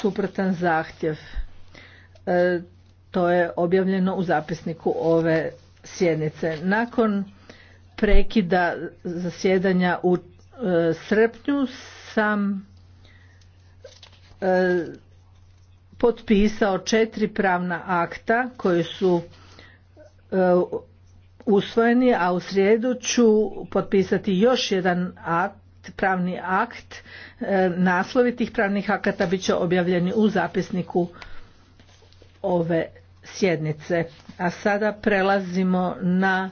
suprotan zahtjev. E, to je objavljeno u zapisniku ove sjednice. Nakon prekida zasjedanja u e, srpnju sam e, potpisao četiri pravna akta koji su e, usvojeni, a u srijedu ću potpisati još jedan akt pravni akt, e, naslovi tih pravnih akata bit će objavljeni u zapisniku ove sjednice. A sada prelazimo na